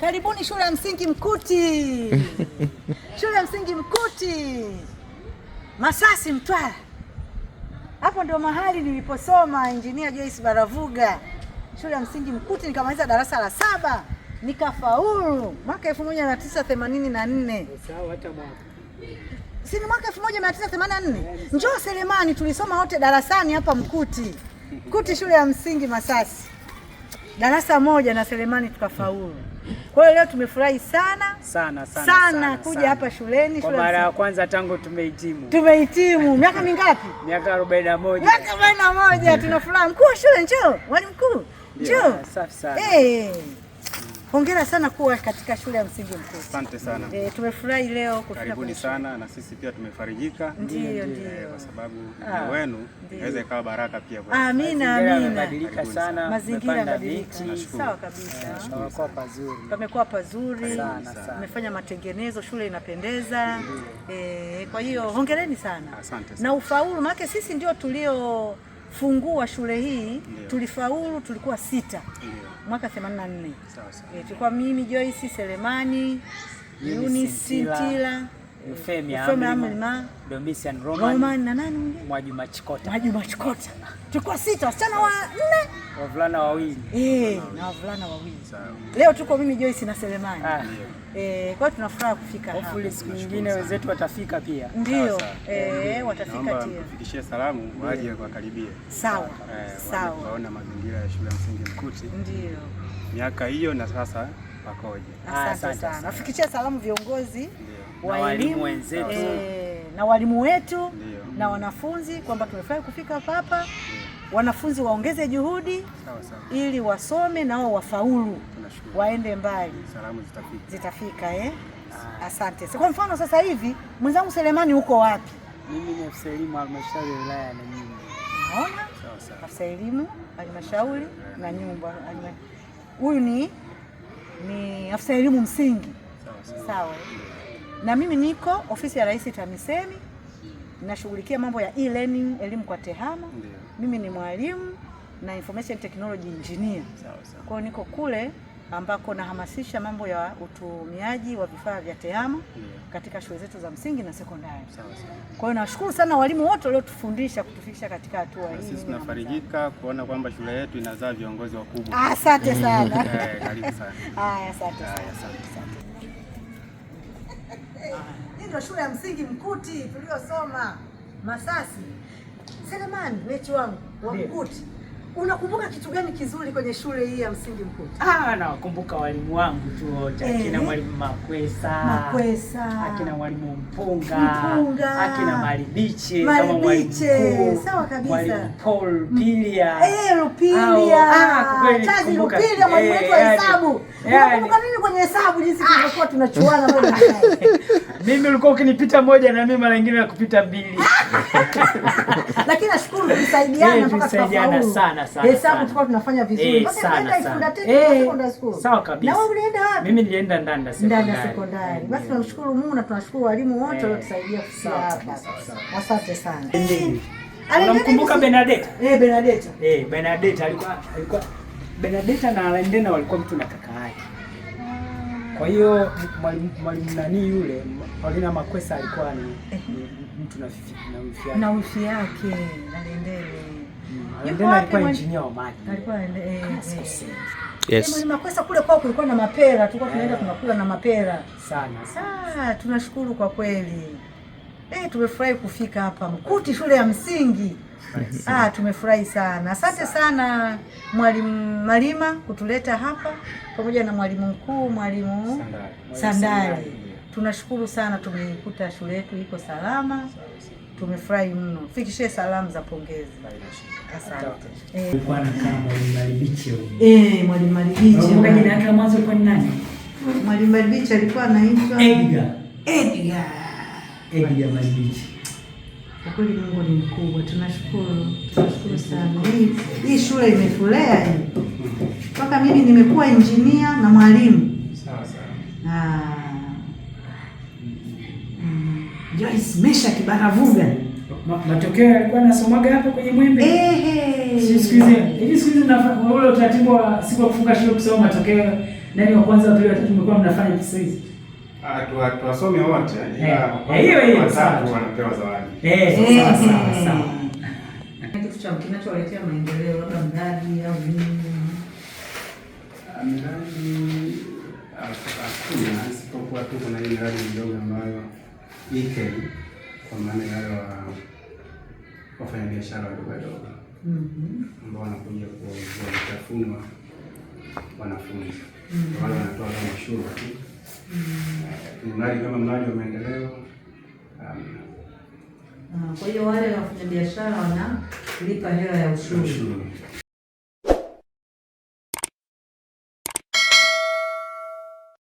Karibuni shule ya msingi Mkuti, shule ya msingi Mkuti Masasi, Mtwara. Hapo ndio mahali niliposoma Engineer Joyce Baravuga, shule ya msingi Mkuti. Nikamaliza darasa la saba nikafaulu mwaka 1984 si ni mwaka 1984 njoo Selemani, tulisoma wote darasani hapa Mkuti, Mkuti shule ya msingi Masasi, darasa moja na Selemani tukafaulu. Kwa hiyo leo tumefurahi sana sana, sana, sana, sana kuja sana. hapa shuleni kwa mara ya kwanza tangu tumehitimu. Tumehitimu miaka mingapi? miaka 41. Miaka 41 tunafurahi. Mkuu wa shule njoo, mwalimu mkuu njoo. Yeah, Safi sana. Hey. Eh, eh. Hongera sana kuwa katika shule ya msingi Mkuu. Asante sana. Eh, tumefurahi leo kufika. Karibuni sana na sisi pia tumefarijika. Ndio eh, ndio. Kwa sababu ah, wenu inaweza ikawa baraka pia kwa. Amina amina. Mazingira yamebadilika. Sawa kabisa. Pamekuwa pazuri. Pamekuwa pazuri. Mmefanya matengenezo, shule inapendeza. Eh, kwa hiyo hongereni sana. Asante sana. Na ufaulu maana sisi ndio tulio fungua shule hii Ndiyo. Tulifaulu, tulikuwa sita Ndiyo. Mwaka 84 eh, tulikuwa mimi Joyce Selemani Yunisi sintila Roman na nani mwingine? Mwajuma Chikota. Mwajuma Chikota. Tulikuwa sita wasichana wa nne, wavulana wawili. Eh, na wavulana wawili. Leo tuko mimi Joyce na Selemani. Ah. Eh, kwa hiyo tunafurahi kufika hapa. Hopefully siku nyingine wenzetu watafika pia. Ndio. Eh, watafika pia. Fikishie salamu eh. waje wakaribie. Sawa. Eh, sawa. Waona mazingira ya shule ya msingi Mkuti. Ndio. Miaka hiyo na sasa pakoje? Asante sana. Nafikishia salamu viongozi wa elimu wenzetu eh, na walimu wetu na wanafunzi kwamba tumefurahi kufika hapa wanafunzi waongeze juhudi ili wasome nao wafaulu waende mbali, salamu zitafika, zitafika eh? Asante. Kwa mfano sasa hivi mwenzangu Selemani uko wapi? Mimi ni afisa elimu halmashauri ya wilaya na nyumba. Naona afisa elimu halmashauri na nyumba. Huyu ni ni afisa elimu msingi sawa, Na mimi niko ofisi ya Rais TAMISEMI nashughulikia mambo ya e-learning elimu kwa tehama. Mimi ni mwalimu na information technology engineer. Sawa sawa. Kwa hiyo niko kule ambako nahamasisha mambo ya utumiaji wa vifaa vya tehama katika shule zetu za msingi na sekondari. Kwa hiyo nashukuru sana walimu wote waliotufundisha kutufikisha katika hatua hii. Sisi tunafarijika kuona kwamba shule yetu inazaa viongozi wakubwa. Asante sana. Eh, karibu sana. Haya, asante sana. Hii ndio shule ya msingi Mkuti tuliyosoma Masasi. Selemani, mechi wangu wa Mkuti Unakumbuka kitu gani kizuri kwenye shule hii ya msingi Mkuta? Ah, nakumbuka walimu wangu tu wote eh, akina mwalimu Makwesa, Makwesa, akina mwalimu Mpunga, Mpunga, akina Maribiche kama mwalimu sawa kabisa, mwalimu Paul Pilia, mm. eh, Rupilia, ah, kweli chaji Rupilia, mwalimu wetu wa eh, hesabu. Unakumbuka nini kwenye hesabu, jinsi ah. tulikuwa tunachuana mbona? mimi? Ulikuwa ukinipita moja na mimi mara nyingine nakupita mbili. Ah! lakini nashukuru tulisaidiana mpaka tukafaulu sana sana. Hesabu tulikuwa tunafanya vizuri eh, mpaka tunaenda ifunda tena sekondari eh, school. Sawa kabisa. Na wewe ulienda wapi? Mimi nilienda Ndanda sekondari. Ndanda sekondari. Basi tunamshukuru Mungu na tunashukuru walimu wote eh, waliotusaidia kufika hapa. Asante sana. Unamkumbuka Benedetta? Eh, Benedetta. Eh, Benedetta alikuwa alikuwa Benedetta na Alendena walikuwa mtu na kaka yake. Kwa hiyo mwalimu nani yule Paulina Makwesa alikuwa ni mtu na wifi yake hmm, alikuwa engineer wa maji. Eh, ah, eh. Yes. Makwesa kule kwao kulikuwa na mapera, tulikuwa tunaenda eh. tunakula na mapera sana. Sasa tunashukuru kwa kweli. Eh, tumefurahi kufika hapa Mkuti shule ya msingi. Ah, tumefurahi sana. Asante sana Mwalimu Malima kutuleta hapa pamoja na mwalimu mkuu Mwalimu Sandali. Tunashukuru sana, tumeikuta shule yetu iko salama. Tumefurahi mno, fikishie salamu za pongezi. Asante. Eh, Mwalimu Malibiche. Mwalimu Malibiche alikuwa anaitwa Edgar. Edgar. Edgar Malibiche. Kwa kweli Mungu ni mkubwa, tunashukuru, tunashukuru sana. Hii yaani, hii shule imefulea hii yaani. mpaka mimi nimekuwa injinia na mwalimu. Sawa sawa. Ah, Joyce Mesha Kibaravuga matokeo yalikuwa nasomaga hapo kwenye Mwembe. Ehe, siku hizi siku na ule utaratibu wa siku ya kufunga shule kusoma matokeo, nani wa kwanza, wa pili, wa tatu, mmekuwa mnafanya siku hizi Ah, ah, tuwasome wote, eh, eh, hiyo hiyo watatu wanapewa zawadi. Eh, kitu cha kinacholetea maendeleo labda mradi au ah, miradi hakuna, isipokuwa tu kuna hii miradi midogo ambayo ike kwa maana yale wafanyabiashara wadogo wadogo mm-hmm. ambao wanakuja kuitafunwa wanafunzi mm-hmm. wale wanatoa kama ushuru tu mradi kama mradi wa maendeleo. Um, ah, kwa hiyo wale wafanyabiashara wanalipa hela ya ushuru.